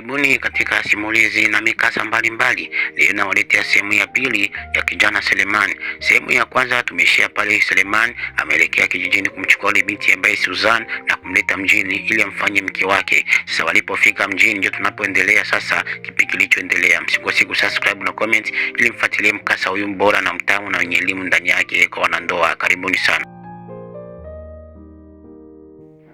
Karibuni katika simulizi na mikasa mbalimbali ninawaletea sehemu ya pili ya kijana Selemani. Sehemu ya kwanza tumeishia pale Selemani ameelekea kijijini kumchukua ile binti ambaye Suzan na kumleta mjini ili amfanye mke wake. Sasa walipofika mjini ndio tunapoendelea sasa kipi kilichoendelea. Msikose kusubscribe na comment ili mfuatilie mkasa huyu mbora na mtamu na wenye elimu ndani yake kwa wanandoa. Karibuni sana.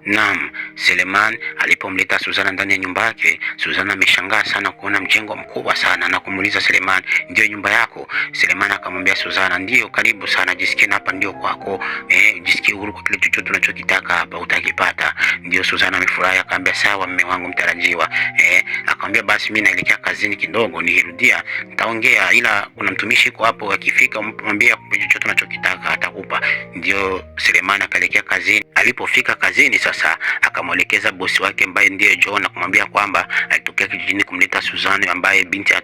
Naam, Seleman alipomleta Suzana ndani ya nyumba yake, Suzana ameshangaa sana kuona mjengo mkubwa sana na kumuuliza Seleman, ndio nyumba yako? Seleman akamwambia Suzana, ndio, karibu sana, jisikie hapa, ndio kwako. Eh, jisikie huru kwa kile chochote unachokitaka hapa utakipata. Ndio, Suzana amefurahi akamwambia, sawa mume wangu mtarajiwa. Eh, akamwambia basi mimi naelekea kazini kidogo, nirudia nitaongea, ila kuna mtumishi yuko hapo, akifika mwambie chochote unachokitaka atakupa. Ndio, Seleman akaelekea kazini. Alipofika kazini sasa sasa akamwelekeza bosi wake ambaye ndiye Joe na kumwambia kwamba alitokea kijijini kumleta Suzanne ambaye binti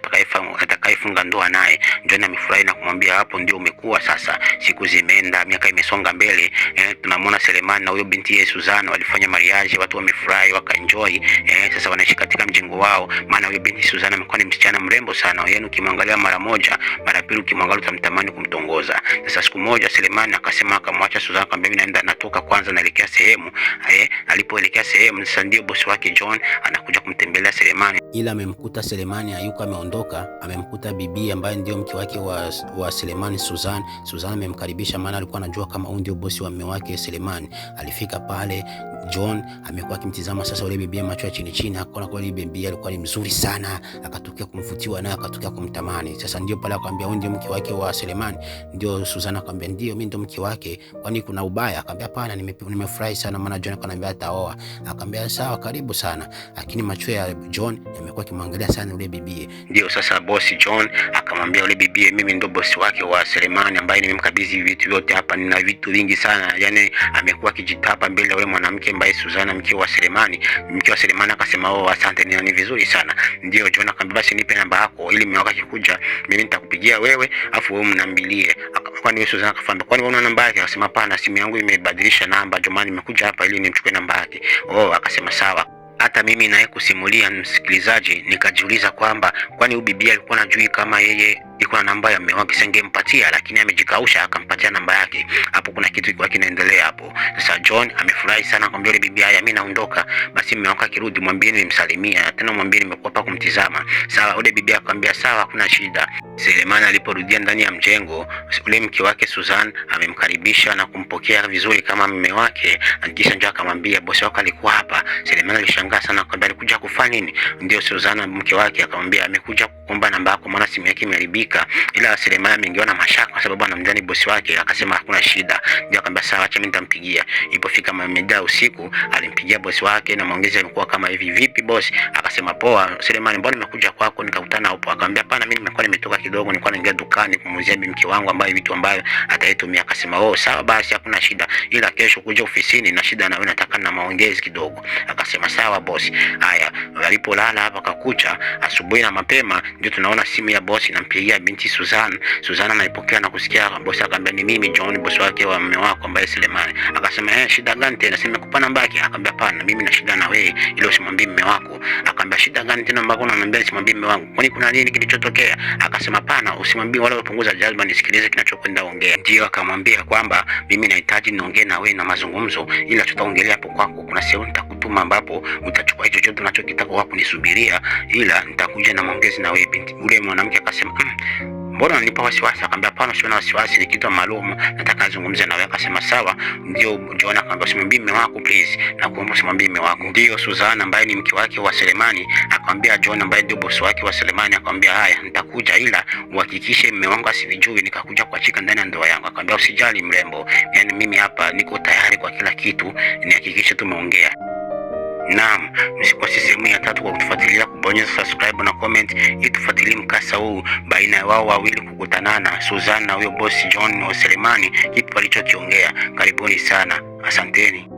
atakayefunga ndoa naye. John amefurahi na kumwambia hapo ndio umekuwa sasa, siku zimeenda, miaka imesonga mbele. Eh, tunamwona Selemani na huyo binti ya Suzanne walifanya mariage, watu wamefurahi wakaenjoy. Eh, sasa wanaishi katika mjengo wao, maana huyo binti Suzanne amekuwa ni msichana mrembo sana, yaani ukimwangalia mara moja, mara pili ukimwangalia utamtamani kumtongoza. Sasa siku moja Selemani akasema, akamwacha Suzanne akamwambia, mimi naenda natoka kwanza, naelekea sehemu eh, alipoelekea sehemu. Sasa ndio bosi wake John anakuja kumtembelea Selemani, ila amemkuta Selemani hayuko, ameondoka. Amemkuta bibi ambaye ndio mke wake wa, wa Selemani, Suzan. Suzan amemkaribisha maana alikuwa anajua kama huyu ndio bosi wa mume wake Selemani. Alifika pale John amekuwa akimtizama sasa yule bibi macho ya chini chini, akaona kwa yule bibi alikuwa ni mzuri sana, akatokea kumvutiwa naye, akatokea kumtamani. Sasa ndio pale akamwambia wewe ndio mke wake wa Selemani? Ndio Suzana akamwambia ndio, mimi ndio mke wake, kwani kuna ubaya? Akamwambia hapana, nimefurahi sana, maana John akanambia ataoa. Akamwambia sawa, karibu sana, lakini macho ya John yamekuwa kimwangalia sana yule bibi. Ndio sasa bosi John akamwambia yule bibi, mimi ndio bosi wake wa Selemani ambaye nimemkabidhi vitu vyote hapa, nina vitu vingi sana, yani amekuwa akijitapa mbele ya yule mwanamke Mbaye Suzana mkiwa wa Selemani, mkiwa Selemani akasema oh, asante ni vizuri sana. Ndio John akamwambia basi nipe namba yako ili mimi wakati kuja mimi nitakupigia wewe, afu wewe mnambilie. Kwani wewe Suzana akafahamu, kwani una namba yake? Akasema hapana, simu yangu imebadilisha namba, Jomani nimekuja hapa ili nimchukue namba yake. Oh, akasema sawa hata mimi naye kusimulia msikilizaji, nikajiuliza kwamba kwani huyu bibi alikuwa anajui kama yeye iko na namba ya mume wake, singempatia lakini amejikausha akampatia namba yake. Hapo kuna kitu kilikuwa kinaendelea hapo. Sasa John amefurahi sana, akamwambia yule bibi haya, mimi naondoka. Basi mume wake akirudi, mwambie nimsalimia, tena, mwambie nimekuwa hapa kumtizama. Sawa, yule bibi akamwambia sawa, hakuna shida. Selemani aliporudia ndani ya mjengo, yule mke wake Susan amemkaribisha na kumpokea vizuri kama mume wake, kisha ndio akamwambia bosi wako alikuwa hapa. Selemani alishangaa sana, akamwambia alikuja kufanya nini? Ndio Susan mke wake akamwambia amekuja kuomba namba yako, maana simu yake imeharibika. Ila Selemani ameingiwa na mashaka kwa sababu anamdhani bosi wake, akasema hakuna shida, ndio akaambia sawa, acha mimi nitampigia. Ilipofika mida usiku, alimpigia bosi wake na maongezi yalikuwa kama hivi, vipi bosi? Akasema poa. Selemani, mbona nimekuja kwako nika kidogo, nilikuwa naingia dukani kumuuzia bibi mke wangu ambaye vitu ambayo ataitumia. Akasema oh, sawa basi, hakuna shida, ila kesho kuja ofisini na shida na wewe, nataka na maongezi kidogo. Akasema sawa bosi. Haya, walipolala hapa kakucha, asubuhi na mapema ndio tunaona simu ya bosi nampigia binti Suzana. Suzana anaipokea na kusikia bosi akamwambia, ni mimi John, bosi wake wa mume wako ambaye Selemani. Akasema eh, shida gani tena? Sema kupa namba yake. Akamwambia hapana, mimi na shida na wewe, ila usimwambie mume wako. Akamwambia shida gani tena ambako unaniambia simwambie mume wangu? Kwani kuna nini kilichotokea? Akasema hapana, usimwambie wala upunguza jazba, nisikilize kinachokwenda ongea. Ndio akamwambia kwamba mimi nahitaji niongee na wewe na mazungumzo, ila tutaongelea hapo kwako. Kuna sehemu nitakutuma ambapo utachukua hicho chochote unachokitaka, wapo nisubiria, ila nitakuja na maongezi na wewe binti. Yule mwanamke akasema mm, mbona unanipa wasiwasi? Akamwambia hapana, usiwe na wasiwasi, ni kitu maalum, nataka nizungumze na wewe. Akasema sawa. Ndio Joana akamwambia usimwambie mume wako please, na kuomba usimwambie mume wako. Ndio Suzana ambaye ni mke wake wa Selemani akamwambia John ambaye ndio bosi wake wa Selemani, akamwambia haya, nitakuja ila uhakikishe mume wangu asivijui, nikakuja kuachika ndani ya ndoa yangu. Akamwambia usijali mrembo, yani mimi hapa niko tayari kwa kila kitu, nihakikishe tumeongea. Naam, msikose sehemu ya tatu kwa kutufuatilia, kubonyeza subscribe na comment ili tufuatilie mkasa huu baina ya wao wawili kukutanana, Suzana na huyo bosi John Oselemani, kipi walichokiongea. Karibuni sana, asanteni.